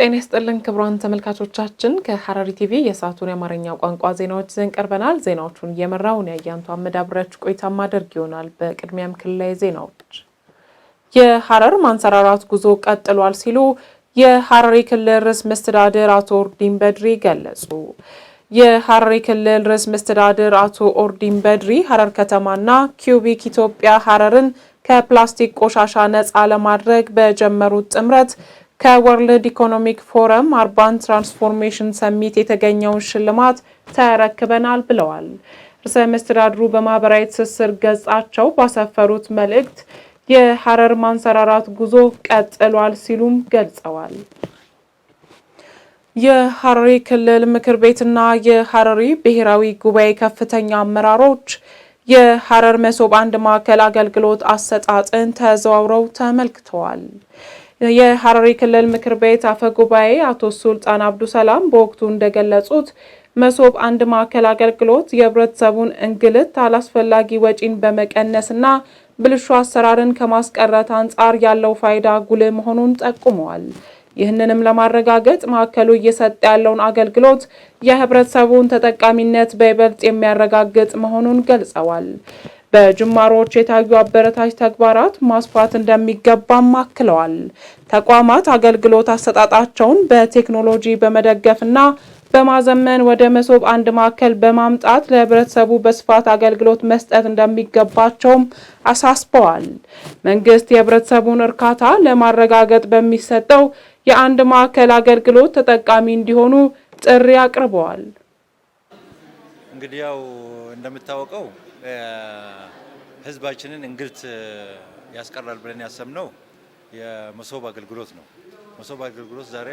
ጤና ይስጥልን ክቡራን ተመልካቾቻችን፣ ከሐረሪ ቲቪ የሰዓቱን የአማርኛ ቋንቋ ዜናዎች ይዘን ቀርበናል። ዜናዎቹን እየመራው ያያንቱ አያንቱ አመዳብሪያችሁ ቆይታ ማደርግ ይሆናል። በቅድሚያም ክልላዊ ዜናዎች። የሐረር ማንሰራራት ጉዞ ቀጥሏል ሲሉ የሐረሪ ክልል ርዕሰ መስተዳድር አቶ ኦርዲን በድሪ ገለጹ። የሐረሪ ክልል ርዕሰ መስተዳድር አቶ ኦርዲን በድሪ ሐረር ከተማና ኪዩቢክ ኢትዮጵያ ሐረርን ከፕላስቲክ ቆሻሻ ነፃ ለማድረግ በጀመሩት ጥምረት ከወርልድ ኢኮኖሚክ ፎረም አርባን ትራንስፎርሜሽን ሰሚት የተገኘውን ሽልማት ተረክበናል ብለዋል። ርዕሰ መስተዳድሩ በማህበራዊ ትስስር ገጻቸው ባሰፈሩት መልእክት የሐረር ማንሰራራት ጉዞ ቀጥሏል ሲሉም ገልጸዋል። የሐረሪ ክልል ምክር ቤትና የሐረሪ ብሔራዊ ጉባኤ ከፍተኛ አመራሮች የሐረር መሶብ አንድ ማዕከል አገልግሎት አሰጣጥን ተዘዋውረው ተመልክተዋል። የሐረሪ ክልል ምክር ቤት አፈ ጉባኤ አቶ ሱልጣን አብዱሰላም በወቅቱ እንደገለጹት መሶብ አንድ ማዕከል አገልግሎት የህብረተሰቡን እንግልት፣ አላስፈላጊ ወጪን በመቀነስ ና ብልሹ አሰራርን ከማስቀረት አንጻር ያለው ፋይዳ ጉልህ መሆኑን ጠቁመዋል። ይህንንም ለማረጋገጥ ማዕከሉ እየሰጠ ያለውን አገልግሎት የህብረተሰቡን ተጠቃሚነት በይበልጥ የሚያረጋግጥ መሆኑን ገልጸዋል። በጅማሮዎች የታዩ አበረታች ተግባራት ማስፋት እንደሚገባም አክለዋል። ተቋማት አገልግሎት አሰጣጣቸውን በቴክኖሎጂ በመደገፍና በማዘመን ወደ መሶብ አንድ ማዕከል በማምጣት ለህብረተሰቡ በስፋት አገልግሎት መስጠት እንደሚገባቸውም አሳስበዋል። መንግስት የህብረተሰቡን እርካታ ለማረጋገጥ በሚሰጠው የአንድ ማዕከል አገልግሎት ተጠቃሚ እንዲሆኑ ጥሪ አቅርበዋል። እንግዲህ ያው እንደምታወቀው ህዝባችንን እንግልት ያስቀራል ብለን ያሰብነው የመሶብ አገልግሎት ነው። መሶብ አገልግሎት ዛሬ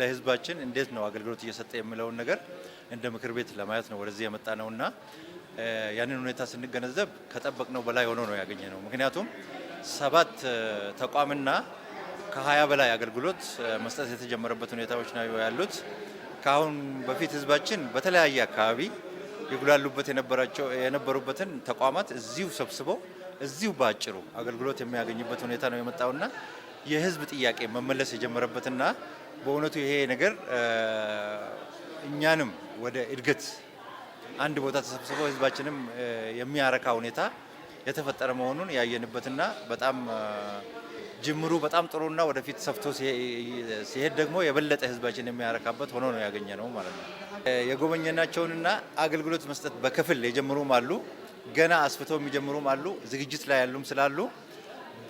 ለህዝባችን እንዴት ነው አገልግሎት እየሰጠ የሚለውን ነገር እንደ ምክር ቤት ለማየት ነው ወደዚህ የመጣ ነው እና ያንን ሁኔታ ስንገነዘብ ከጠበቅነው በላይ ሆኖ ነው ያገኘ ነው። ምክንያቱም ሰባት ተቋምና ከሀያ በላይ አገልግሎት መስጠት የተጀመረበት ሁኔታዎች ነው ያሉት። ከአሁን በፊት ህዝባችን በተለያየ አካባቢ ይጉላሉበት የነበሩበትን ተቋማት እዚሁ ሰብስበው እዚሁ በአጭሩ አገልግሎት የሚያገኝበት ሁኔታ ነው የመጣውና የህዝብ ጥያቄ መመለስ የጀመረበትና በእውነቱ ይሄ ነገር እኛንም ወደ እድገት አንድ ቦታ ተሰብስበው ህዝባችንም የሚያረካ ሁኔታ የተፈጠረ መሆኑን ያየንበትና በጣም ጅምሩ በጣም ጥሩና ወደፊት ሰፍቶ ሲሄድ ደግሞ የበለጠ ህዝባችን የሚያረካበት ሆኖ ነው ያገኘ ነው ማለት ነው። የጎበኘናቸውንና አገልግሎት መስጠት በክፍል የጀምሩም አሉ፣ ገና አስፍተው የሚጀምሩም አሉ፣ ዝግጅት ላይ ያሉም ስላሉ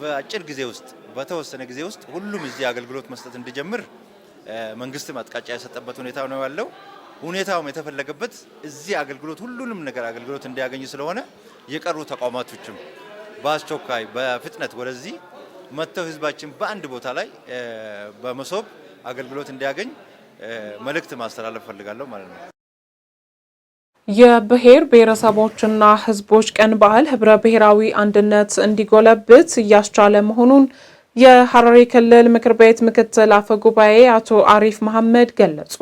በአጭር ጊዜ ውስጥ በተወሰነ ጊዜ ውስጥ ሁሉም እዚህ አገልግሎት መስጠት እንዲጀምር መንግስትም አቅጣጫ የሰጠበት ሁኔታ ነው ያለው። ሁኔታውም የተፈለገበት እዚህ አገልግሎት ሁሉንም ነገር አገልግሎት እንዲያገኙ ስለሆነ የቀሩ ተቋማቶችም በአስቸኳይ በፍጥነት ወደዚህ መጥተው ህዝባችን በአንድ ቦታ ላይ በመሶብ አገልግሎት እንዲያገኝ መልእክት ማስተላለፍ ፈልጋለሁ ማለት ነው። የብሔር ብሔረሰቦችና ህዝቦች ቀን በዓል ህብረ ብሔራዊ አንድነት እንዲጎለብት እያስቻለ መሆኑን የሐረሪ ክልል ምክር ቤት ምክትል አፈ ጉባኤ አቶ አሪፍ መሐመድ ገለጹ።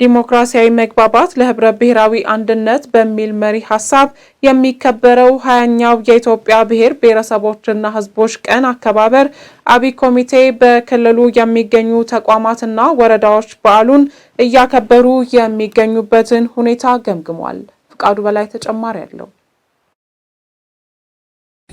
ዲሞክራሲያዊ መግባባት ለህብረ ብሔራዊ አንድነት በሚል መሪ ሀሳብ የሚከበረው ሀያኛው የኢትዮጵያ ብሔር ብሔረሰቦችና ህዝቦች ቀን አከባበር አብይ ኮሚቴ በክልሉ የሚገኙ ተቋማትና ወረዳዎች በዓሉን እያከበሩ የሚገኙበትን ሁኔታ ገምግሟል። ፍቃዱ በላይ ተጨማሪ አለው።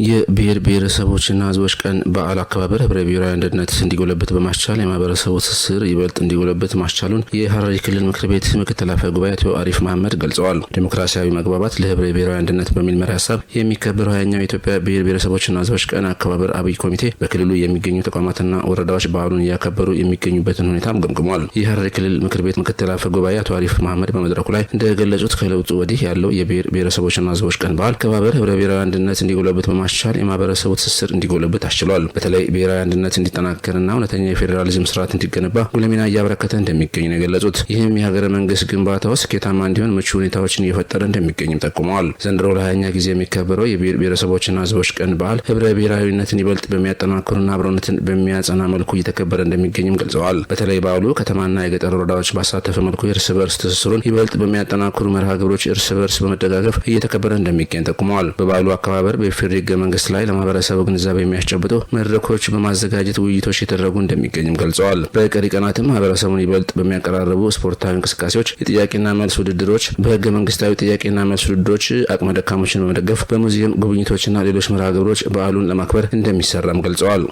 የብሔር ብሔረሰቦችና ህዝቦች ቀን በዓል አከባበር ህብረ ብሔራዊ አንድነት እንዲጎለበት በማስቻል የማህበረሰቡ ትስስር ይበልጥ እንዲጎለበት ማስቻሉን የሐረሪ ክልል ምክር ቤት ምክትል አፈ ጉባኤ አቶ አሪፍ መሐመድ ገልጸዋል። ዴሞክራሲያዊ መግባባት ለህብረ ብሔራዊ አንድነት በሚል መሪ ሀሳብ የሚከበረው ሀያኛው የኢትዮጵያ ብሔር ብሔረሰቦችና ህዝቦች ቀን አከባበር አብይ ኮሚቴ በክልሉ የሚገኙ ተቋማትና ወረዳዎች በዓሉን እያከበሩ የሚገኙበትን ሁኔታም ገምግሟል። የሐረሪ ክልል ምክር ቤት ምክትል አፈ ጉባኤ አቶ አሪፍ መሐመድ በመድረኩ ላይ እንደገለጹት ከለውጡ ወዲህ ያለው የብሔር ብሔረሰቦችና ህዝቦች ቀን በዓል አከባበር ህብረ ብሔራዊ አንድነት እንዲጎለበት በማስቻል የማህበረሰቡ ትስስር እንዲጎለብት አስችሏል። በተለይ ብሔራዊ አንድነት እንዲጠናከርና እውነተኛ የፌዴራሊዝም ስርዓት እንዲገነባ ጉልህ ሚና እያበረከተ እንደሚገኝ ነው የገለጹት። ይህም የሀገረ መንግስት ግንባታው ስኬታማ እንዲሆን ምቹ ሁኔታዎችን እየፈጠረ እንደሚገኝም ጠቁመዋል። ዘንድሮ ለሀያኛ ጊዜ የሚከበረው የብሔር ብሔረሰቦችና ህዝቦች ቀን በዓል ህብረ ብሔራዊነትን ይበልጥ በሚያጠናክሩና አብሮነትን በሚያጸና መልኩ እየተከበረ እንደሚገኝም ገልጸዋል። በተለይ በዓሉ ከተማና የገጠር ወረዳዎች ባሳተፈ መልኩ የእርስ በርስ ትስስሩን ይበልጥ በሚያጠናክሩ መርሃ ግብሮች እርስ በርስ በመደጋገፍ እየተከበረ እንደሚገኝ ጠቁመዋል። በበዓሉ አከባበር በፌሪ መንግስት ላይ ለማህበረሰቡ ግንዛቤ የሚያስጨብጡ መድረኮች በማዘጋጀት ውይይቶች የተደረጉ እንደሚገኝም ገልጸዋል። በቀሪ ቀናትም ማህበረሰቡን ይበልጥ በሚያቀራርቡ ስፖርታዊ እንቅስቃሴዎች፣ የጥያቄና መልስ ውድድሮች፣ በህገ መንግስታዊ ጥያቄና መልስ ውድድሮች፣ አቅመ ደካሞችን በመደገፍ በሙዚየም ጉብኝቶችና ሌሎች መርሃ ግብሮች በዓሉን ለማክበር እንደሚሰራም ገልጸዋል።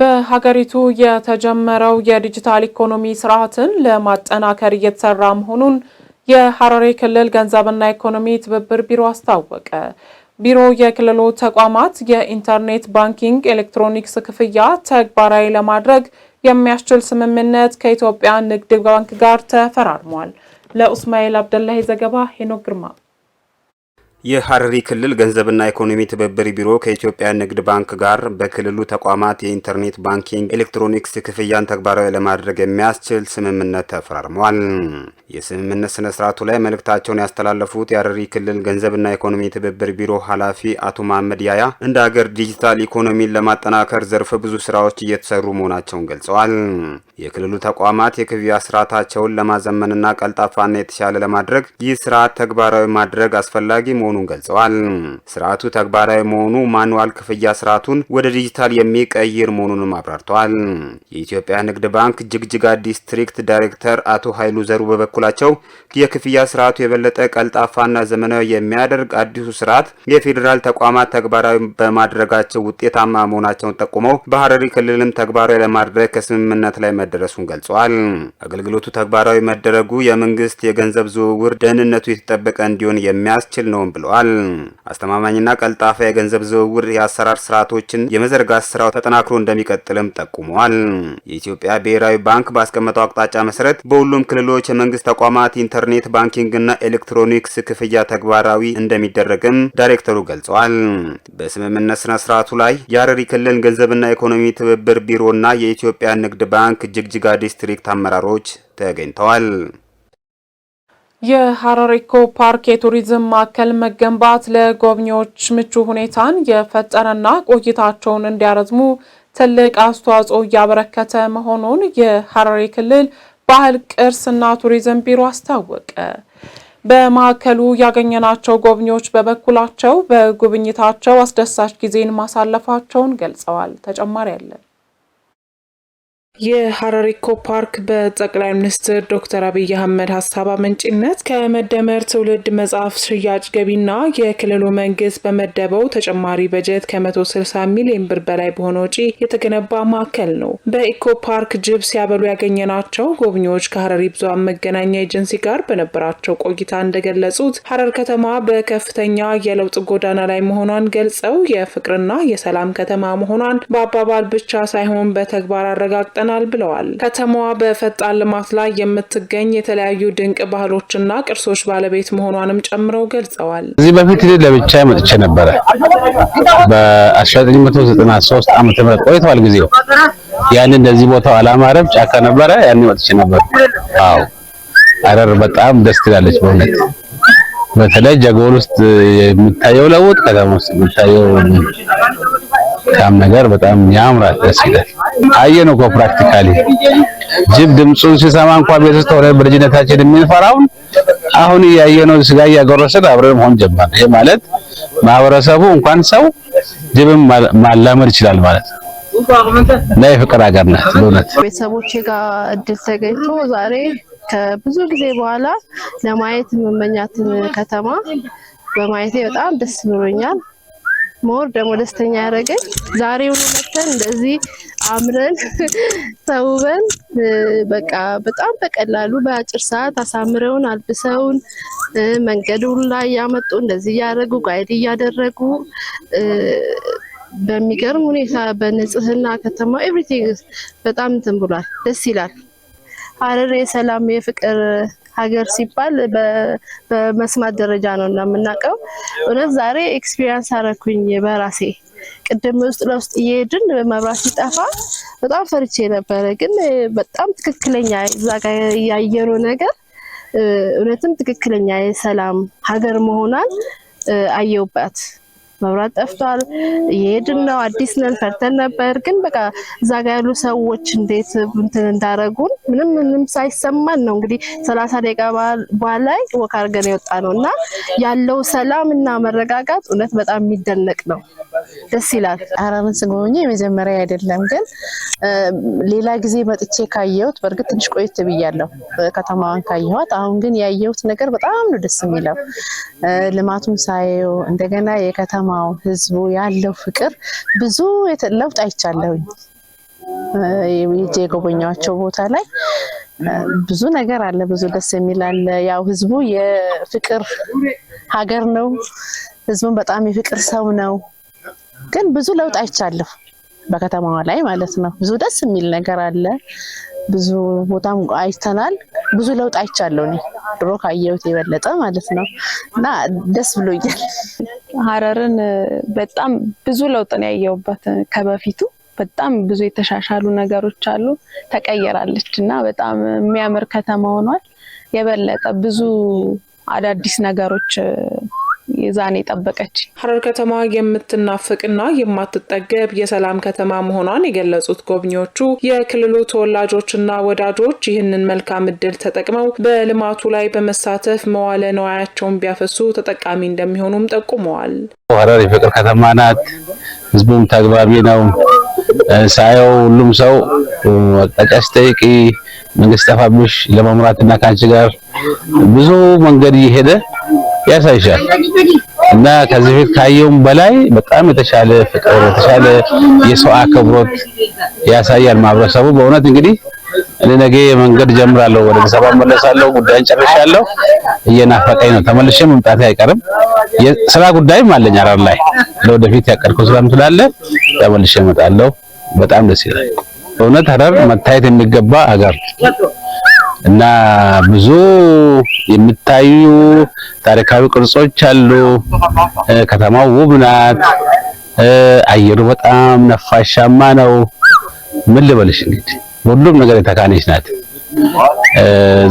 በሀገሪቱ የተጀመረው የዲጂታል ኢኮኖሚ ስርዓትን ለማጠናከር እየተሰራ መሆኑን የሐረሪ ክልል ገንዘብና ኢኮኖሚ ትብብር ቢሮ አስታወቀ። ቢሮ የክልሉ ተቋማት የኢንተርኔት ባንኪንግ ኤሌክትሮኒክስ ክፍያ ተግባራዊ ለማድረግ የሚያስችል ስምምነት ከኢትዮጵያ ንግድ ባንክ ጋር ተፈራርሟል። ለኡስማኤል አብደላሂ ዘገባ ሄኖክ ግርማ የሐረሪ ክልል ገንዘብና ኢኮኖሚ ትብብር ቢሮ ከኢትዮጵያ ንግድ ባንክ ጋር በክልሉ ተቋማት የኢንተርኔት ባንኪንግ ኤሌክትሮኒክስ ክፍያን ተግባራዊ ለማድረግ የሚያስችል ስምምነት ተፈራርሟል። የስምምነት ስነ ስርዓቱ ላይ መልእክታቸውን ያስተላለፉት የሐረሪ ክልል ገንዘብና ኢኮኖሚ ትብብር ቢሮ ኃላፊ አቶ መሀመድ ያያ እንደ ሀገር ዲጂታል ኢኮኖሚን ለማጠናከር ዘርፈ ብዙ ስራዎች እየተሰሩ መሆናቸውን ገልጸዋል። የክልሉ ተቋማት የክፍያ ስርዓታቸውን ለማዘመንና ቀልጣፋና የተሻለ ለማድረግ ይህ ስርዓት ተግባራዊ ማድረግ አስፈላጊ መሆኑን ገልጸዋል። ስርዓቱ ተግባራዊ መሆኑ ማኑዋል ክፍያ ስርዓቱን ወደ ዲጂታል የሚቀይር መሆኑንም አብራርተዋል። የኢትዮጵያ ንግድ ባንክ ጅግጅጋ ዲስትሪክት ዳይሬክተር አቶ ኃይሉ ዘሩ በበኩላቸው የክፍያ ስርዓቱ የበለጠ ቀልጣፋና ዘመናዊ የሚያደርግ አዲሱ ስርዓት የፌዴራል ተቋማት ተግባራዊ በማድረጋቸው ውጤታማ መሆናቸውን ጠቁመው በሀረሪ ክልልም ተግባራዊ ለማድረግ ከስምምነት ላይ መደረሱን ገልጿል። አገልግሎቱ ተግባራዊ መደረጉ የመንግስት የገንዘብ ዝውውር ደህንነቱ የተጠበቀ እንዲሆን የሚያስችል ነውም ብለዋል። አስተማማኝና ቀልጣፋ የገንዘብ ዝውውር የአሰራር ስርዓቶችን የመዘርጋት ስራው ተጠናክሮ እንደሚቀጥልም ጠቁመዋል። የኢትዮጵያ ብሔራዊ ባንክ ባስቀመጠው አቅጣጫ መሰረት በሁሉም ክልሎች የመንግስት ተቋማት ኢንተርኔት ባንኪንግና ኤሌክትሮኒክስ ክፍያ ተግባራዊ እንደሚደረግም ዳይሬክተሩ ገልጸዋል። በስምምነት ስነ ስርዓቱ ላይ የሀረሪ ክልል ገንዘብና ኢኮኖሚ ትብብር ቢሮና የኢትዮጵያ ንግድ ባንክ የጅግጅጋ ዲስትሪክት አመራሮች ተገኝተዋል። የሐረሪኮ ፓርክ የቱሪዝም ማዕከል መገንባት ለጎብኚዎች ምቹ ሁኔታን የፈጠረና ቆይታቸውን እንዲያረዝሙ ትልቅ አስተዋጽኦ እያበረከተ መሆኑን የሐረሪ ክልል ባህል ቅርስና ቱሪዝም ቢሮ አስታወቀ። በማዕከሉ ያገኘናቸው ጎብኚዎች በበኩላቸው በጉብኝታቸው አስደሳች ጊዜን ማሳለፋቸውን ገልጸዋል። ተጨማሪ አለን። ኢኮ ፓርክ በጠቅላይ ሚኒስትር ዶክተር አብይ አህመድ ሀሳብ አመንጭነት ከመደመር ትውልድ መጽሐፍ ሽያጭ ገቢና የክልሉ መንግስት በመደበው ተጨማሪ በጀት ከ160 ሚሊዮን ብር በላይ በሆነ ወጪ የተገነባ ማዕከል ነው። በኢኮ ፓርክ ጅብ ሲያበሉ ያገኘናቸው ጎብኚዎች ከሐረሪ ብዙሃን መገናኛ ኤጀንሲ ጋር በነበራቸው ቆይታ እንደገለጹት ሐረር ከተማ በከፍተኛ የለውጥ ጎዳና ላይ መሆኗን ገልጸው የፍቅርና የሰላም ከተማ መሆኗን በአባባል ብቻ ሳይሆን በተግባር አረጋግጠ አድርገናል ብለዋል። ከተማዋ በፈጣን ልማት ላይ የምትገኝ የተለያዩ ድንቅ ባህሎችና ቅርሶች ባለቤት መሆኗንም ጨምረው ገልጸዋል። እዚህ በፊት ለብቻ መጥቼ ነበረ። በ1993 ዓ ም ቆይተዋል ጊዜው ያን እንደዚህ ቦታው አላማረም፣ ጫካ ነበረ። ያን መጥቼ ነበር። አዎ አረር በጣም ደስ ትላለች በእውነት በተለይ ጀጎል ውስጥ የምታየው ለውጥ ከተማ ውስጥ የምታየው በጣም ነገር በጣም ያምራል፣ ደስ ይላል። አየነው እኮ ፕራክቲካሊ ጅብ ድምፁን ሲሰማ እንኳን ቤት ውስጥ ሆነ በልጅነታችን የምንፈራውን አሁን እያየነው ስጋ እያጎረሰን አብረን መሆን ጀመርን። ይሄ ማለት ማህበረሰቡ እንኳን ሰው ጅብም ማላመድ ይችላል ማለት ነው። እና የፍቅር ሀገር ናት በእውነት ቤተሰቦቼ ጋር እድል ተገኝቶ ዛሬ ከብዙ ጊዜ በኋላ ለማየት የምመኛትን ከተማ በማየቴ በጣም ደስ ብሎኛል። ሞር ደግሞ ደስተኛ ያደረገኝ ዛሬውን መተን እንደዚህ አምረን ተውበን በቃ በጣም በቀላሉ በአጭር ሰዓት አሳምረውን አልብሰውን መንገዱን ላይ እያመጡ እንደዚህ እያደረጉ ጓይድ እያደረጉ በሚገርም ሁኔታ በንጽህና ከተማ ኤቭሪቲንግ በጣም እንትን ብሏል። ደስ ይላል። ሀረር የሰላም የፍቅር ሀገር ሲባል በመስማት ደረጃ ነው እና የምናውቀው። እውነት ዛሬ ኤክስፒሪንስ አረኩኝ በራሴ ቅድም ውስጥ ለውስጥ እየሄድን መብራት ሲጠፋ በጣም ፈርቼ ነበረ። ግን በጣም ትክክለኛ እዛ ጋ ያየነው ነገር እውነትም ትክክለኛ የሰላም ሀገር መሆኗን አየውባት። መብራት ጠፍቷል። የሄድን ነው አዲስ ነን፣ ፈርተን ነበር። ግን በቃ እዛ ጋ ያሉ ሰዎች እንዴት እንትን እንዳረጉን ምንም ምንም ሳይሰማን ነው እንግዲህ ሰላሳ ደቂቃ በላይ ወክ አድርገን የወጣ ነው እና ያለው ሰላም እና መረጋጋት እውነት በጣም የሚደነቅ ነው። ደስ ይላል። ሀረርን ስጎበኘ የመጀመሪያ አይደለም፣ ግን ሌላ ጊዜ መጥቼ ካየሁት በእርግጥ ትንሽ ቆየት ብያለሁ ከተማዋን ካየኋት። አሁን ግን ያየሁት ነገር በጣም ነው ደስ የሚለው። ልማቱን ሳየው እንደገና የከተማው ህዝቡ ያለው ፍቅር ብዙ ለውጥ አይቻለሁኝ። የጄ የጎበኛቸው ቦታ ላይ ብዙ ነገር አለ፣ ብዙ ደስ የሚል አለ። ያው ህዝቡ የፍቅር ሀገር ነው። ህዝቡን በጣም የፍቅር ሰው ነው። ግን ብዙ ለውጥ አይቻለሁ በከተማዋ ላይ ማለት ነው። ብዙ ደስ የሚል ነገር አለ። ብዙ ቦታም አይተናል። ብዙ ለውጥ አይቻለሁ እኔ ድሮ ካየሁት የበለጠ ማለት ነው እና ደስ ብሎኛል። ሀረርን በጣም ብዙ ለውጥ ነው ያየሁበት ከበፊቱ በጣም ብዙ የተሻሻሉ ነገሮች አሉ። ተቀየራለች እና በጣም የሚያምር ከተማ ሆኗል። የበለጠ ብዙ አዳዲስ ነገሮች ይዛን የጠበቀች ሀረር ከተማ የምትናፍቅና የማትጠገብ የሰላም ከተማ መሆኗን የገለጹት ጎብኚዎቹ የክልሉ ተወላጆችና ወዳጆች ይህንን መልካም እድል ተጠቅመው በልማቱ ላይ በመሳተፍ መዋለ ነዋያቸውን ቢያፈሱ ተጠቃሚ እንደሚሆኑም ጠቁመዋል። ሀረር የፍቅር ከተማ ናት። ህዝቡም ተግባቢ ነው። ሳየው ሁሉም ሰው አቅጣጫ ሲጠይቅ መንገድ ሲጠፋብሽ ለመምራትና ከአንቺ ጋር ብዙ መንገድ እየሄደ ያሳይሻል እና ከዚህ ፊት ካየውም በላይ በጣም የተሻለ ፍቅር የተሻለ የሰው አክብሮት ያሳያል ማህበረሰቡ። በእውነት እንግዲህ እኔ ነገ መንገድ ጀምራለሁ፣ ወደ አዲስ አበባ መለሳለሁ። ጉዳይን ጨርሻለሁ። እየናፈቀኝ ነው። ተመልሼ መምጣቴ አይቀርም። ስራ ጉዳይም አለኝ አራር ላይ ለወደፊት ያቀድኩ ስራም ስላለ ተመልሼ እመጣለሁ። በጣም ደስ ይላል። በእውነት ሀረር መታየት የሚገባ ሀገር እና ብዙ የምታዩ ታሪካዊ ቅርጾች አሉ። ከተማው ውብ ናት። አየሩ በጣም ነፋሻማ ነው። ምን ልበልሽ እንግዲህ ሁሉም ነገር የተካነች ናት።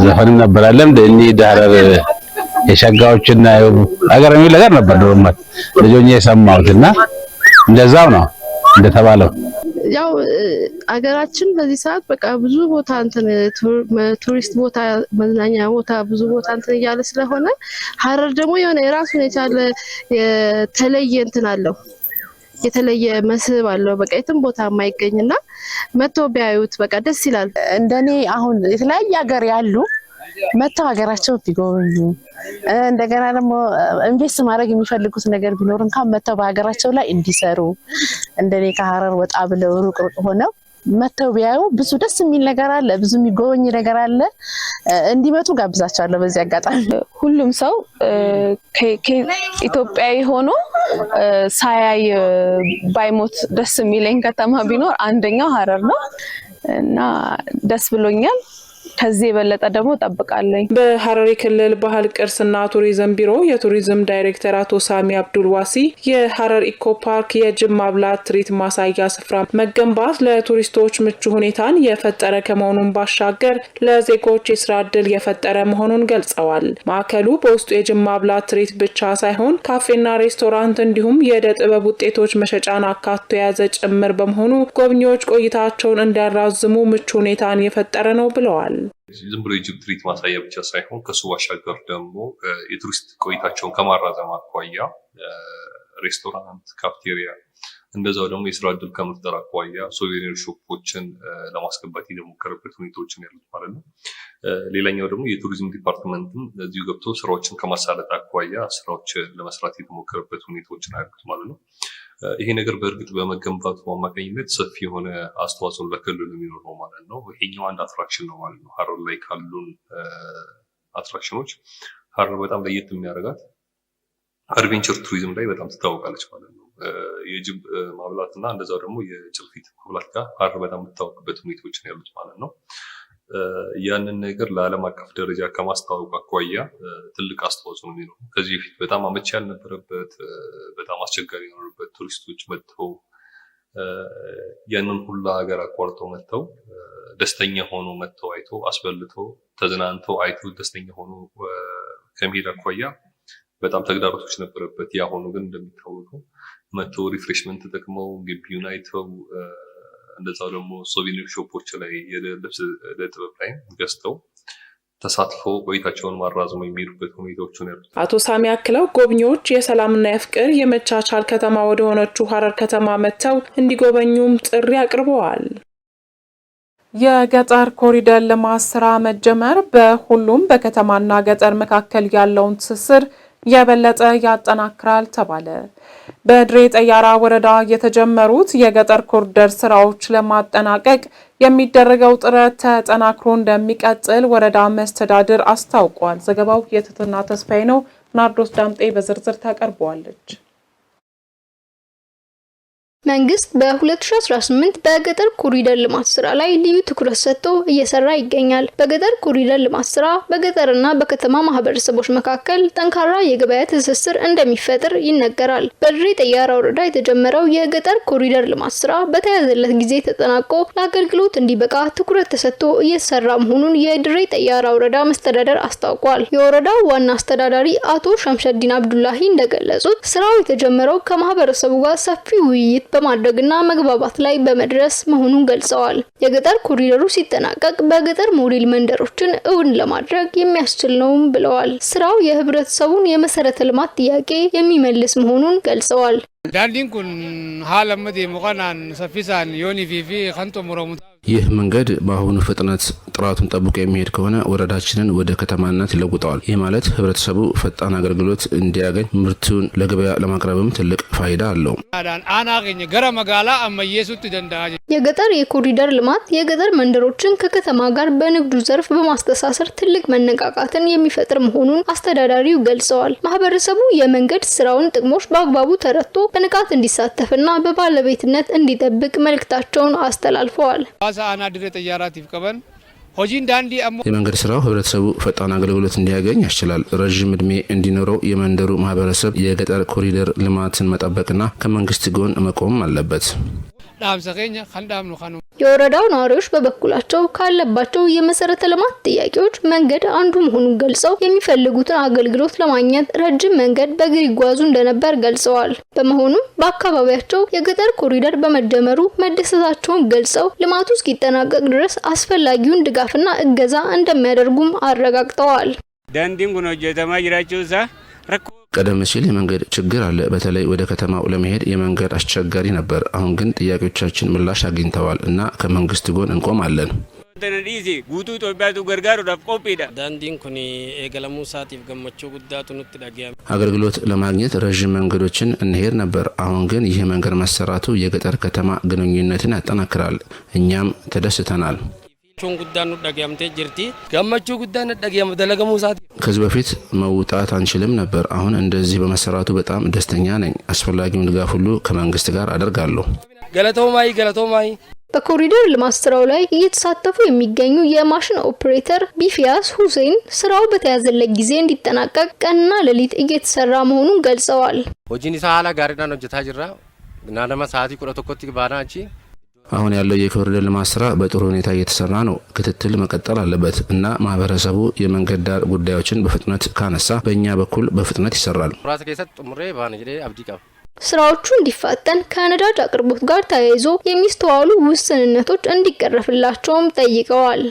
ዘፈንም ነበር አለም ደኒ ዳረር የሸጋዎችና አገር የሚል ነገር ነበር ድሮማ ልጆኛ የሰማሁትና እንደዛው ነው እንደተባለው ያው አገራችን በዚህ ሰዓት በቃ ብዙ ቦታ እንትን ቱሪስት ቦታ መዝናኛ ቦታ ብዙ ቦታ እንትን እያለ ስለሆነ ሀረር ደግሞ የሆነ የራሱን የቻለ የተለየ እንትን አለው የተለየ መስህብ አለው። በቃ የትም ቦታ የማይገኝና መቶ ቢያዩት በቃ ደስ ይላል። እንደኔ አሁን የተለያየ ሀገር ያሉ መጥተው ሀገራቸው ቢጎበኙ እንደገና ደግሞ ኢንቨስት ማድረግ የሚፈልጉት ነገር ቢኖር እንኳን መጥተው በሀገራቸው ላይ እንዲሰሩ እንደኔ ከሀረር ወጣ ብለው ሩቅ ሩቅ ሆነው መጥተው ቢያዩ ብዙ ደስ የሚል ነገር አለ፣ ብዙ የሚጎበኝ ነገር አለ። እንዲመጡ ጋብዛቸዋለሁ። በዚህ አጋጣሚ ሁሉም ሰው ኢትዮጵያዊ ሆኖ ሳያይ ባይሞት ደስ የሚለኝ ከተማ ቢኖር አንደኛው ሀረር ነው እና ደስ ብሎኛል። ከዚህ የበለጠ ደግሞ ጠብቃለኝ። በሀረሪ ክልል ባህል ቅርስና ቱሪዝም ቢሮ የቱሪዝም ዳይሬክተር አቶ ሳሚ አብዱል ዋሲ የሀረር ኢኮ ፓርክ የጅብ ማብላት ትርኢት ማሳያ ስፍራ መገንባት ለቱሪስቶች ምቹ ሁኔታን የፈጠረ ከመሆኑን ባሻገር ለዜጎች የስራ እድል የፈጠረ መሆኑን ገልጸዋል። ማዕከሉ በውስጡ የጅብ ማብላት ትርኢት ብቻ ሳይሆን ካፌና ሬስቶራንት እንዲሁም የእደ ጥበብ ውጤቶች መሸጫን አካቶ የያዘ ጭምር በመሆኑ ጎብኚዎች ቆይታቸውን እንዲያራዝሙ ምቹ ሁኔታን የፈጠረ ነው ብለዋል። ዝም ብሎ የጅብ ትርኢት ማሳያ ብቻ ሳይሆን ከሱ ባሻገር ደግሞ የቱሪስት ቆይታቸውን ከማራዘም አኳያ ሬስቶራንት፣ ካፍቴሪያ እንደዛው ደግሞ የስራ እድል ከመፍጠር አኳያ ሶቬኒር ሾፖችን ለማስገባት የተሞከረበት ሁኔታዎችን ያሉት ማለት ነው። ሌላኛው ደግሞ የቱሪዝም ዲፓርትመንትም እዚሁ ገብቶ ስራዎችን ከማሳለጥ አኳያ ስራዎች ለመስራት የተሞከረበት ሁኔታዎችን አያሉት ማለት ነው። ይሄ ነገር በእርግጥ በመገንባቱ አማካኝነት ሰፊ የሆነ አስተዋጽኦ ለክልሉ የሚኖረው ማለት ነው። ይሄኛው አንድ አትራክሽን ነው ማለት ነው። ሀረር ላይ ካሉን አትራክሽኖች ሀረር በጣም ለየት የሚያደርጋት አድቬንቸር ቱሪዝም ላይ በጣም ትታወቃለች ማለት ነው። የጅብ ማብላት እና እንደዛው ደግሞ የጭልፊት ማብላት ጋር ሀረር በጣም የምታወቅበት ሁኔታዎች ነው ያሉት ማለት ነው። ያንን ነገር ለዓለም አቀፍ ደረጃ ከማስተዋወቅ አኳያ ትልቅ አስተዋጽኦ ነው። ከዚህ በፊት በጣም አመቺ ያልነበረበት በጣም አስቸጋሪ የኖርበት ቱሪስቶች መጥተው ያንን ሁላ ሀገር አቋርጠው መጥተው ደስተኛ ሆኖ መጥተው አይቶ አስበልተው ተዝናንተው አይቶ ደስተኛ ሆኖ ከመሄድ አኳያ በጣም ተግዳሮቶች ነበረበት። ያ ሆኖ ግን እንደሚታወቀው መጥተው ሪፍሬሽመንት ተጠቅመው ግቢውን አይተው እንደዛው ደግሞ ሶቪኒር ሾፖች ላይ የልብስ ለጥበብ ላይ ገዝተው ተሳትፎ ቆይታቸውን ማራዘሙ የሚሄዱበት ሁኔታዎች ነው ያሉት አቶ ሳሚ አክለው ጎብኚዎች የሰላምና የፍቅር የመቻቻል ከተማ ወደ ሆነችው ሀረር ከተማ መጥተው እንዲጎበኙም ጥሪ አቅርበዋል። የገጠር ኮሪደር ልማት ስራ መጀመር በሁሉም በከተማና ገጠር መካከል ያለውን ትስስር የበለጠ ያጠናክራል ተባለ። በድሬ ጠያራ ወረዳ የተጀመሩት የገጠር ኮሪደር ስራዎች ለማጠናቀቅ የሚደረገው ጥረት ተጠናክሮ እንደሚቀጥል ወረዳ መስተዳድር አስታውቋል። ዘገባው የትትና ተስፋዬ ነው። ናርዶስ ዳምጤ በዝርዝር ታቀርበዋለች። መንግስት በ2018 በገጠር ኮሪደር ልማት ስራ ላይ ልዩ ትኩረት ሰጥቶ እየሰራ ይገኛል። በገጠር ኮሪደር ልማት ስራ በገጠርና በከተማ ማህበረሰቦች መካከል ጠንካራ የገበያ ትስስር እንደሚፈጥር ይነገራል። በድሬ ጠያራ ወረዳ የተጀመረው የገጠር ኮሪደር ልማት ስራ በተያዘለት ጊዜ ተጠናቆ ለአገልግሎት እንዲበቃ ትኩረት ተሰጥቶ እየተሰራ መሆኑን የድሬ ጠያራ ወረዳ መስተዳደር አስታውቋል። የወረዳው ዋና አስተዳዳሪ አቶ ሸምሸዲን አብዱላሂ እንደገለጹት ስራው የተጀመረው ከማህበረሰቡ ጋር ሰፊ ውይይት በማድረግና መግባባት ላይ በመድረስ መሆኑን ገልጸዋል። የገጠር ኮሪደሩ ሲጠናቀቅ በገጠር ሞዴል መንደሮችን እውን ለማድረግ የሚያስችል ነውም ብለዋል። ስራው የህብረተሰቡን የመሰረተ ልማት ጥያቄ የሚመልስ መሆኑን ገልጸዋል። ዳንዲን ኩን ሰፊሳን ዮኒ ፊፊ ከንቶ ይህ መንገድ በአሁኑ ፍጥነት ጥራቱን ጠብቆ የሚሄድ ከሆነ ወረዳችንን ወደ ከተማነት ይለውጠዋል። ይህ ማለት ህብረተሰቡ ፈጣን አገልግሎት እንዲያገኝ ምርቱን ለገበያ ለማቅረብም ትልቅ ፋይዳ አለው። የገጠር የኮሪደር ልማት የገጠር መንደሮችን ከከተማ ጋር በንግዱ ዘርፍ በማስተሳሰር ትልቅ መነቃቃትን የሚፈጥር መሆኑን አስተዳዳሪው ገልጸዋል። ማህበረሰቡ የመንገድ ስራውን ጥቅሞች በአግባቡ ተረድቶ በንቃት እንዲሳተፍና በባለቤትነት እንዲጠብቅ መልእክታቸውን አስተላልፈዋል። የመንገድ ስራው ህብረተሰቡ ፈጣን አገልግሎት እንዲያገኝ ያስችላል። ረዥም እድሜ እንዲኖረው የመንደሩ ማህበረሰብ የገጠር ኮሪደር ልማትን መጠበቅና ከመንግስት ጎን መቆም አለበት። የወረዳው ነዋሪዎች በበኩላቸው ካለባቸው የመሰረተ ልማት ጥያቄዎች መንገድ አንዱ መሆኑን ገልጸው የሚፈልጉትን አገልግሎት ለማግኘት ረጅም መንገድ በእግር ይጓዙ እንደነበር ገልጸዋል። በመሆኑም በአካባቢያቸው የገጠር ኮሪደር በመጀመሩ መደሰታቸውን ገልጸው ልማቱ እስኪጠናቀቅ ድረስ አስፈላጊውን ድጋፍና እገዛ እንደሚያደርጉም አረጋግጠዋል። ዳንዲን ኩን ጅራችሁ ሳ ረኩ ቀደም ሲል የመንገድ ችግር አለ። በተለይ ወደ ከተማው ለመሄድ የመንገድ አስቸጋሪ ነበር። አሁን ግን ጥያቄዎቻችን ምላሽ አግኝተዋል እና ከመንግስት ጎን እንቆማለን። ጉቱ ኢትዮጵያቱ ገርጋሩ ዳንዲን ኤገለሙ ሳቲፍ ገመቸው ጉዳቱ ኑት አገልግሎት ለማግኘት ረዥም መንገዶችን እንሄድ ነበር። አሁን ግን ይህ መንገድ መሰራቱ የገጠር ከተማ ግንኙነትን ያጠናክራል። እኛም ተደስተናል። ጋመቹን ጉዳን ጅርቲ ጉዳን ደለገሙ ሳት ከዚህ በፊት መውጣት አንችልም ነበር። አሁን እንደዚህ በመሰራቱ በጣም ደስተኛ ነኝ። አስፈላጊውን ድጋፍ ሁሉ ከመንግስት ጋር አደርጋለሁ። ገለተው ማይ ገለተው ማይ በኮሪደር ልማት ስራው ላይ እየተሳተፉ የሚገኙ የማሽን ኦፕሬተር ቢፊያስ ሁሴን ስራው በተያዘለት ጊዜ እንዲጠናቀቅ ቀንና ሌሊት እየተሰራ መሆኑን ገልጸዋል። ሆጂን ሳላ ጋሪና ነው ጀታ ጅራ ናለማ ሰዓቲ ቁለ ቶኮቲ ባና አሁን ያለው የኮሪደር ልማት ስራ በጥሩ ሁኔታ እየተሰራ ነው። ክትትል መቀጠል አለበት እና ማህበረሰቡ የመንገድ ዳር ጉዳዮችን በፍጥነት ካነሳ በእኛ በኩል በፍጥነት ይሰራል። ስራዎቹ እንዲፋጠን ከነዳጅ አቅርቦት ጋር ተያይዞ የሚስተዋሉ ውስንነቶች እንዲቀረፍላቸውም ጠይቀዋል።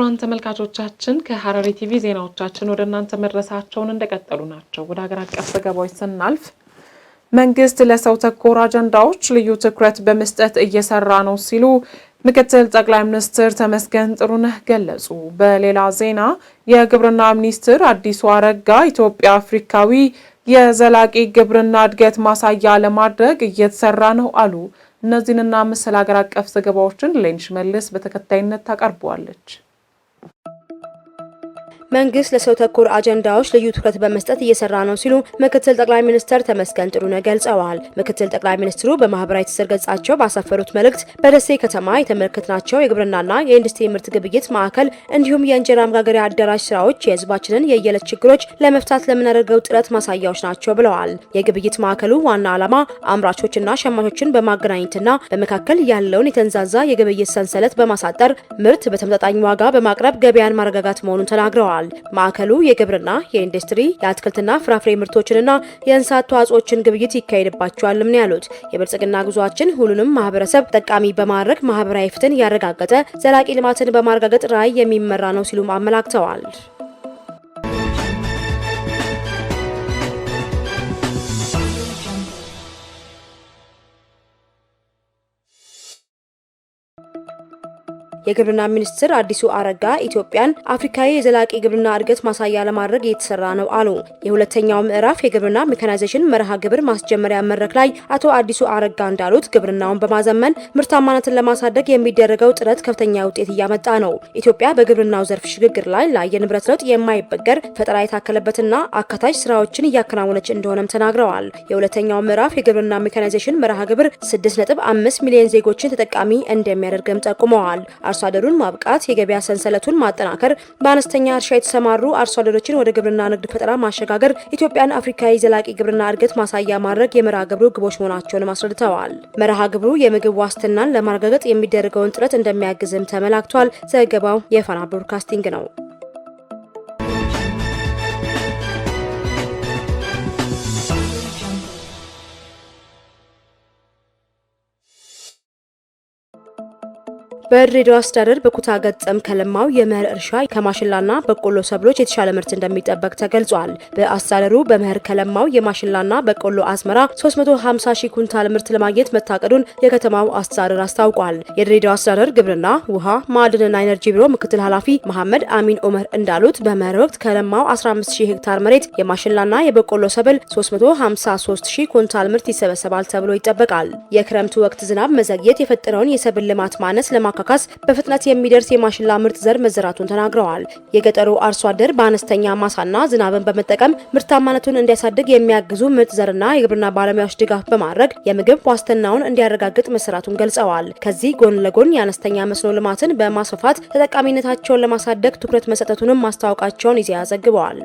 ክቡራን ተመልካቾቻችን ከሐረሪ ቲቪ ዜናዎቻችን ወደ እናንተ መድረሳቸውን እንደቀጠሉ ናቸው። ወደ ሀገር አቀፍ ዘገባዎች ስናልፍ መንግስት ለሰው ተኮር አጀንዳዎች ልዩ ትኩረት በመስጠት እየሰራ ነው ሲሉ ምክትል ጠቅላይ ሚኒስትር ተመስገን ጥሩነህ ገለጹ። በሌላ ዜና የግብርና ሚኒስትር አዲሱ አረጋ ኢትዮጵያ አፍሪካዊ የዘላቂ ግብርና እድገት ማሳያ ለማድረግ እየተሰራ ነው አሉ። እነዚህንና ምስል ሀገር አቀፍ ዘገባዎችን ሌንሽ መልስ በተከታይነት ታቀርበዋለች። መንግስት ለሰው ተኮር አጀንዳዎች ልዩ ትኩረት በመስጠት እየሰራ ነው ሲሉ ምክትል ጠቅላይ ሚኒስትር ተመስገን ጥሩነህ ገልጸዋል። ምክትል ጠቅላይ ሚኒስትሩ በማህበራዊ ትስስር ገጻቸው ባሰፈሩት መልእክት በደሴ ከተማ የተመለከትናቸው የግብርናና የኢንዱስትሪ ምርት ግብይት ማዕከል እንዲሁም የእንጀራ መጋገሪያ አዳራሽ ስራዎች የህዝባችንን የየዕለት ችግሮች ለመፍታት ለምናደርገው ጥረት ማሳያዎች ናቸው ብለዋል። የግብይት ማዕከሉ ዋና ዓላማ አምራቾችና ሸማቾችን በማገናኘትና በመካከል ያለውን የተንዛዛ የግብይት ሰንሰለት በማሳጠር ምርት በተመጣጣኝ ዋጋ በማቅረብ ገበያን ማረጋጋት መሆኑን ተናግረዋል። ተጠቅሷል። ማዕከሉ የግብርና፣ የኢንዱስትሪ፣ የአትክልትና ፍራፍሬ ምርቶችንና የእንስሳት ተዋጽኦችን ግብይት ይካሄድባቸዋልም ነው ያሉት። የብልጽግና ጉዟችን ሁሉንም ማህበረሰብ ጠቃሚ በማድረግ ማህበራዊ ፍትህን ያረጋገጠ ዘላቂ ልማትን በማረጋገጥ ራዕይ የሚመራ ነው ሲሉም አመላክተዋል። የግብርና ሚኒስትር አዲሱ አረጋ ኢትዮጵያን አፍሪካዊ የዘላቂ ግብርና እድገት ማሳያ ለማድረግ እየተሰራ ነው አሉ። የሁለተኛው ምዕራፍ የግብርና ሜካናይዜሽን መርሃ ግብር ማስጀመሪያ መድረክ ላይ አቶ አዲሱ አረጋ እንዳሉት ግብርናውን በማዘመን ምርታማነትን ለማሳደግ የሚደረገው ጥረት ከፍተኛ ውጤት እያመጣ ነው። ኢትዮጵያ በግብርናው ዘርፍ ሽግግር ላይ ለአየር ንብረት ለውጥ የማይበገር ፈጠራ የታከለበትና አካታች ስራዎችን እያከናወነች እንደሆነም ተናግረዋል። የሁለተኛው ምዕራፍ የግብርና ሜካናይዜሽን መርሃ ግብር 6.5 ሚሊዮን ዜጎችን ተጠቃሚ እንደሚያደርግም ጠቁመዋል። አርሶ አደሩን ማብቃት፣ የገበያ ሰንሰለቱን ማጠናከር፣ በአነስተኛ እርሻ የተሰማሩ አርሶ አደሮችን ወደ ግብርና ንግድ ፈጠራ ማሸጋገር፣ ኢትዮጵያን አፍሪካዊ ዘላቂ ግብርና እድገት ማሳያ ማድረግ የመርሃ ግብሩ ግቦች መሆናቸውን አስረድተዋል። መርሃ ግብሩ የምግብ ዋስትናን ለማረጋገጥ የሚደረገውን ጥረት እንደሚያግዝም ተመላክቷል። ዘገባው የፋና ብሮድካስቲንግ ነው። በድሬዳዋ አስተዳደር በኩታ ገጠም ከለማው የመኸር እርሻ ከማሽላና በቆሎ ሰብሎች የተሻለ ምርት እንደሚጠበቅ ተገልጿል። በአስተዳደሩ በመኸር ከለማው የማሽላና በቆሎ አዝመራ 350 ሺህ ኩንታል ምርት ለማግኘት መታቀዱን የከተማው አስተዳደር አስታውቋል። የድሬዳዋ አስተዳደር ግብርና፣ ውሃ፣ ማዕድንና ኤነርጂ ቢሮ ምክትል ኃላፊ መሐመድ አሚን ኦመር እንዳሉት በመኸር ወቅት ከለማው 15 ሺህ ሄክታር መሬት የማሽላና የበቆሎ ሰብል 353 ሺህ ኩንታል ምርት ይሰበሰባል ተብሎ ይጠበቃል። የክረምቱ ወቅት ዝናብ መዘግየት የፈጠረውን የሰብል ልማት ማነስ ለማ ለማካካስ በፍጥነት የሚደርስ የማሽላ ምርጥ ዘር መዘራቱን ተናግረዋል። የገጠሩ አርሶ አደር በአነስተኛ ማሳና ዝናብን በመጠቀም ምርታማነቱን እንዲያሳድግ የሚያግዙ ምርጥ ዘርና የግብርና ባለሙያዎች ድጋፍ በማድረግ የምግብ ዋስትናውን እንዲያረጋግጥ መሰራቱን ገልጸዋል። ከዚህ ጎን ለጎን የአነስተኛ መስኖ ልማትን በማስፋፋት ተጠቃሚነታቸውን ለማሳደግ ትኩረት መሰጠቱንም ማስታወቃቸውን ኢዜአ ዘግበዋል።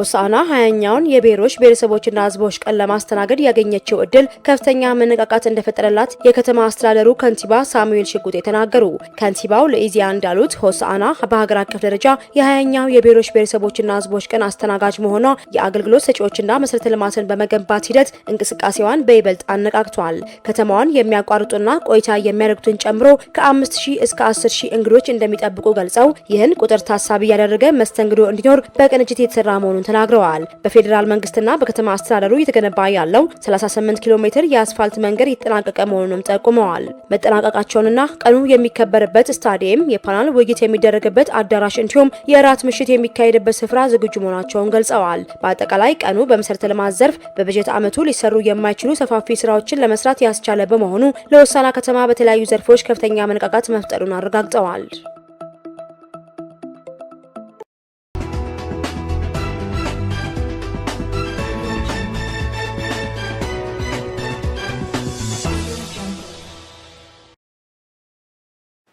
ሆሳዕና ሀያኛውን የብሔሮች ብሔረሰቦችና ህዝቦች ቀን ለማስተናገድ ያገኘችው እድል ከፍተኛ መነቃቃት እንደፈጠረላት የከተማ አስተዳደሩ ከንቲባ ሳሙኤል ሽጉጤ ተናገሩ። ከንቲባው ለኢዜአ እንዳሉት ሆሳና በሀገር አቀፍ ደረጃ የሀያኛው የብሔሮች ብሔረሰቦችና ህዝቦች ቀን አስተናጋጅ መሆኗ የአገልግሎት ሰጪዎችና መሰረተ ልማትን በመገንባት ሂደት እንቅስቃሴዋን በይበልጥ አነቃቅቷል። ከተማዋን የሚያቋርጡና ቆይታ የሚያደርጉትን ጨምሮ ከአምስት ሺህ እስከ አስር ሺህ እንግዶች እንደሚጠብቁ ገልጸው ይህን ቁጥር ታሳቢ ያደረገ መስተንግዶ እንዲኖር በቅንጅት የተሰራ መሆኑን መሆኑን ተናግረዋል። በፌዴራል መንግስትና በከተማ አስተዳደሩ እየተገነባ ያለው 38 ኪሎ ሜትር የአስፋልት መንገድ የተጠናቀቀ መሆኑንም ጠቁመዋል። መጠናቀቃቸውንና ቀኑ የሚከበርበት ስታዲየም፣ የፓናል ውይይት የሚደረግበት አዳራሽ እንዲሁም የእራት ምሽት የሚካሄድበት ስፍራ ዝግጁ መሆናቸውን ገልጸዋል። በአጠቃላይ ቀኑ በመሰረተ ልማት ዘርፍ በበጀት ዓመቱ ሊሰሩ የማይችሉ ሰፋፊ ስራዎችን ለመስራት ያስቻለ በመሆኑ ለወሳና ከተማ በተለያዩ ዘርፎች ከፍተኛ መነቃቃት መፍጠሩን አረጋግጠዋል።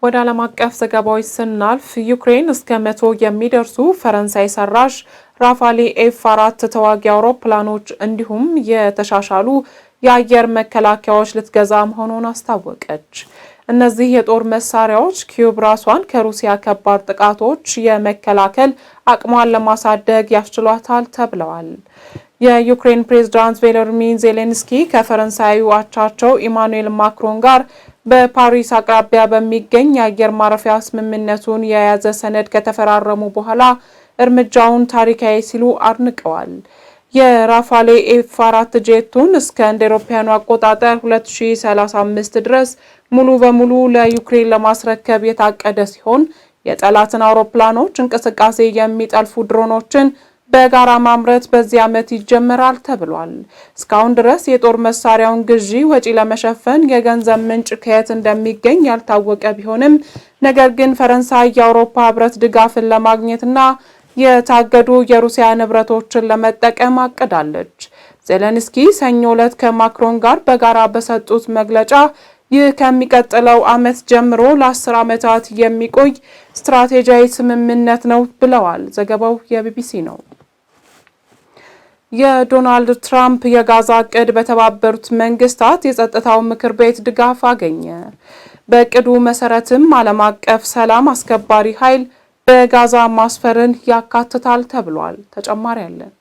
ወደ ዓለም አቀፍ ዘገባዎች ስናልፍ ዩክሬን እስከ መቶ የሚደርሱ ፈረንሳይ ሰራሽ ራፋሌ ኤፍ አራት ተዋጊ አውሮፕላኖች እንዲሁም የተሻሻሉ የአየር መከላከያዎች ልትገዛ መሆኑን አስታወቀች። እነዚህ የጦር መሳሪያዎች ኪዩብ ራሷን ከሩሲያ ከባድ ጥቃቶች የመከላከል አቅሟን ለማሳደግ ያስችሏታል ተብለዋል። የዩክሬን ፕሬዝዳንት ቬሎዲሚር ዜሌንስኪ ከፈረንሳዩ አቻቸው ኢማኑኤል ማክሮን ጋር በፓሪስ አቅራቢያ በሚገኝ የአየር ማረፊያ ስምምነቱን የያዘ ሰነድ ከተፈራረሙ በኋላ እርምጃውን ታሪካዊ ሲሉ አድንቀዋል። የራፋሌ ኤፍ አራት ጄቱን እስከ እንደ ኤሮፓያኑ አቆጣጠር 2035 ድረስ ሙሉ በሙሉ ለዩክሬን ለማስረከብ የታቀደ ሲሆን የጠላትን አውሮፕላኖች እንቅስቃሴ የሚጠልፉ ድሮኖችን በጋራ ማምረት በዚህ ዓመት ይጀምራል ተብሏል። እስካሁን ድረስ የጦር መሳሪያውን ግዢ ወጪ ለመሸፈን የገንዘብ ምንጭ ከየት እንደሚገኝ ያልታወቀ ቢሆንም ነገር ግን ፈረንሳይ የአውሮፓ ህብረት ድጋፍን ለማግኘትና የታገዱ የሩሲያ ንብረቶችን ለመጠቀም አቅዳለች። ዜሌንስኪ ሰኞ ዕለት ከማክሮን ጋር በጋራ በሰጡት መግለጫ ይህ ከሚቀጥለው ዓመት ጀምሮ ለአስር ዓመታት የሚቆይ ስትራቴጂያዊ ስምምነት ነው ብለዋል። ዘገባው የቢቢሲ ነው። የዶናልድ ትራምፕ የጋዛ እቅድ በተባበሩት መንግስታት የጸጥታው ምክር ቤት ድጋፍ አገኘ። በእቅዱ መሰረትም ዓለም አቀፍ ሰላም አስከባሪ ኃይል በጋዛ ማስፈርን ያካትታል ተብሏል። ተጨማሪ አለን።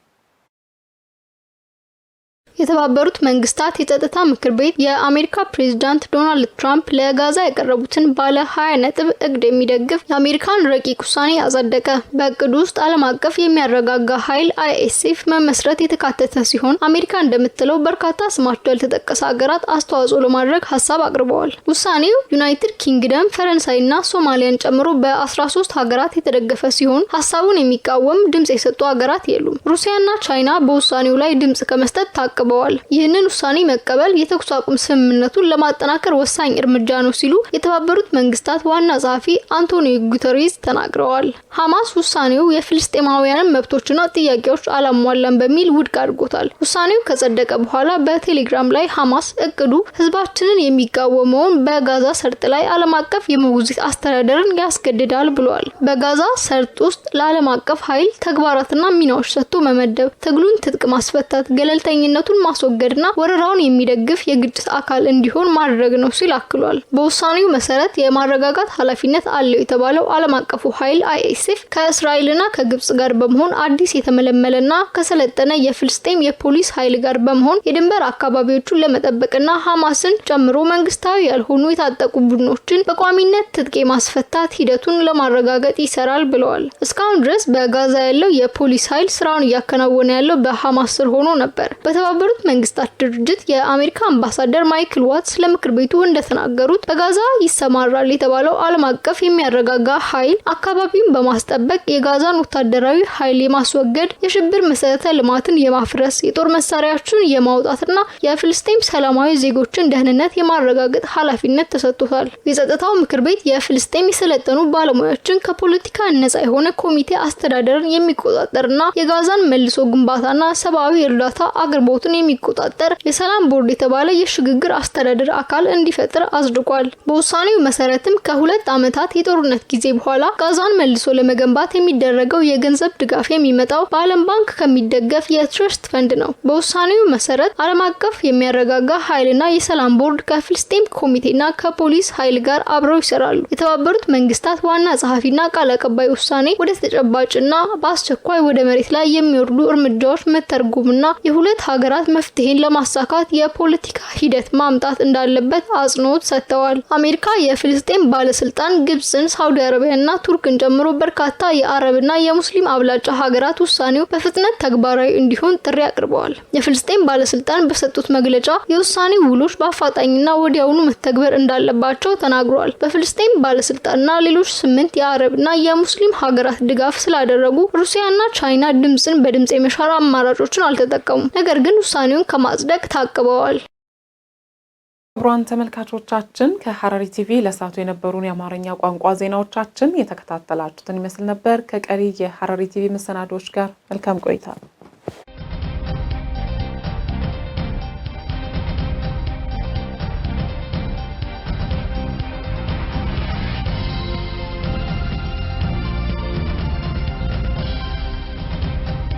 የተባበሩት መንግስታት የጸጥታ ምክር ቤት የአሜሪካ ፕሬዚዳንት ዶናልድ ትራምፕ ለጋዛ ያቀረቡትን ባለ ሀያ ነጥብ እቅድ የሚደግፍ የአሜሪካን ረቂቅ ውሳኔ አጸደቀ። በእቅዱ ውስጥ ዓለም አቀፍ የሚያረጋጋ ኃይል አይኤስኤፍ መመስረት የተካተተ ሲሆን አሜሪካ እንደምትለው በርካታ ስማቸው ያልተጠቀሰ ሀገራት አስተዋጽኦ ለማድረግ ሀሳብ አቅርበዋል። ውሳኔው ዩናይትድ ኪንግደም፣ ፈረንሳይና ሶማሊያን ጨምሮ በ13 ሀገራት የተደገፈ ሲሆን ሀሳቡን የሚቃወም ድምጽ የሰጡ ሀገራት የሉም። ሩሲያና ቻይና በውሳኔው ላይ ድምጽ ከመስጠት ታቅበ አቅርበዋል። ይህንን ውሳኔ መቀበል የተኩስ አቁም ስምምነቱን ለማጠናከር ወሳኝ እርምጃ ነው ሲሉ የተባበሩት መንግስታት ዋና ጸሐፊ አንቶኒዮ ጉተሬዝ ተናግረዋል። ሐማስ ውሳኔው የፍልስጤማውያንን መብቶችና ጥያቄዎች አላሟላም በሚል ውድቅ አድርጎታል። ውሳኔው ከጸደቀ በኋላ በቴሌግራም ላይ ሐማስ እቅዱ ህዝባችንን የሚቃወመውን በጋዛ ሰርጥ ላይ ዓለም አቀፍ የሞግዚት አስተዳደርን ያስገድዳል ብሏል። በጋዛ ሰርጥ ውስጥ ለዓለም አቀፍ ኃይል ተግባራትና ሚናዎች ሰጥቶ መመደብ፣ ትግሉን ትጥቅ ማስፈታት፣ ገለልተኝነቱን ኃይሉን ማስወገድና ወረራውን የሚደግፍ የግጭት አካል እንዲሆን ማድረግ ነው ሲል አክሏል። በውሳኔው መሰረት የማረጋጋት ኃላፊነት አለው የተባለው ዓለም አቀፉ ኃይል አይኤስኤፍ ከእስራኤልና ከግብጽ ጋር በመሆን አዲስ የተመለመለና ከሰለጠነ የፍልስጤም የፖሊስ ኃይል ጋር በመሆን የድንበር አካባቢዎቹን ለመጠበቅና ሐማስን ጨምሮ መንግስታዊ ያልሆኑ የታጠቁ ቡድኖችን በቋሚነት ትጥቅ ማስፈታት ሂደቱን ለማረጋገጥ ይሰራል ብለዋል። እስካሁን ድረስ በጋዛ ያለው የፖሊስ ኃይል ስራውን እያከናወነ ያለው በሐማስ ስር ሆኖ ነበር። በተባበሩ የተባበሩት መንግስታት ድርጅት የአሜሪካ አምባሳደር ማይክል ዋትስ ለምክር ቤቱ እንደተናገሩት በጋዛ ይሰማራል የተባለው ዓለም አቀፍ የሚያረጋጋ ኃይል አካባቢውን በማስጠበቅ የጋዛን ወታደራዊ ኃይል የማስወገድ፣ የሽብር መሰረተ ልማትን የማፍረስ፣ የጦር መሳሪያዎችን የማውጣትና የፍልስጤም ሰላማዊ ዜጎችን ደህንነት የማረጋገጥ ኃላፊነት ተሰጥቶታል። የጸጥታው ምክር ቤት የፍልስጤም የሰለጠኑ ባለሙያዎችን ከፖለቲካ ነጻ የሆነ ኮሚቴ አስተዳደርን የሚቆጣጠርና የጋዛን መልሶ ግንባታና ሰብአዊ እርዳታ አቅርቦትን የሚቆጣጠር የሰላም ቦርድ የተባለ የሽግግር አስተዳደር አካል እንዲፈጥር አጽድቋል። በውሳኔው መሰረትም ከሁለት ዓመታት የጦርነት ጊዜ በኋላ ጋዛን መልሶ ለመገንባት የሚደረገው የገንዘብ ድጋፍ የሚመጣው በዓለም ባንክ ከሚደገፍ የትረስት ፈንድ ነው። በውሳኔው መሰረት ዓለም አቀፍ የሚያረጋጋ ኃይልና የሰላም ቦርድ ከፍልስጤም ኮሚቴና ከፖሊስ ኃይል ጋር አብረው ይሰራሉ። የተባበሩት መንግስታት ዋና ጸሐፊና ቃል አቀባይ ውሳኔ ወደ ተጨባጭና በአስቸኳይ ወደ መሬት ላይ የሚወርዱ እርምጃዎች መተርጎምና የሁለት ሀገራት ሀገራት መፍትሄን ለማሳካት የፖለቲካ ሂደት ማምጣት እንዳለበት አጽንኦት ሰጥተዋል። አሜሪካ የፍልስጤም ባለስልጣን ግብፅን፣ ሳውዲ አረቢያና ቱርክን ጨምሮ በርካታ የአረብና የሙስሊም አብላጫ ሀገራት ውሳኔው በፍጥነት ተግባራዊ እንዲሆን ጥሪ አቅርበዋል። የፍልስጤም ባለስልጣን በሰጡት መግለጫ የውሳኔ ውሎች በአፋጣኝና ወዲያውኑ መተግበር እንዳለባቸው ተናግሯል። በፍልስጤም ባለስልጣንና ሌሎች ስምንት የአረብና የሙስሊም ሀገራት ድጋፍ ስላደረጉ ሩሲያና ቻይና ድምፅን በድምፅ የመሻር አማራጮችን አልተጠቀሙም። ነገር ግን ውሳኔውን ከማጽደቅ ታቅበዋል። ክቡራን ተመልካቾቻችን ከሐረሪ ቲቪ ለሰዓቱ የነበሩን የአማርኛ ቋንቋ ዜናዎቻችን የተከታተላችሁትን ይመስል ነበር። ከቀሪ የሐረሪ ቲቪ መሰናዶዎች ጋር መልካም ቆይታ